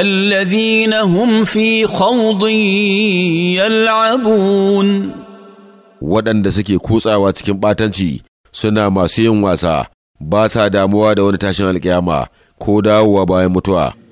الذين هم في خوض يلعبون waɗanda suke kutsawa cikin ɓatanci suna masu yin wasa ba sa damuwa da wani tashin alƙiyama ko dawowa bayan mutuwa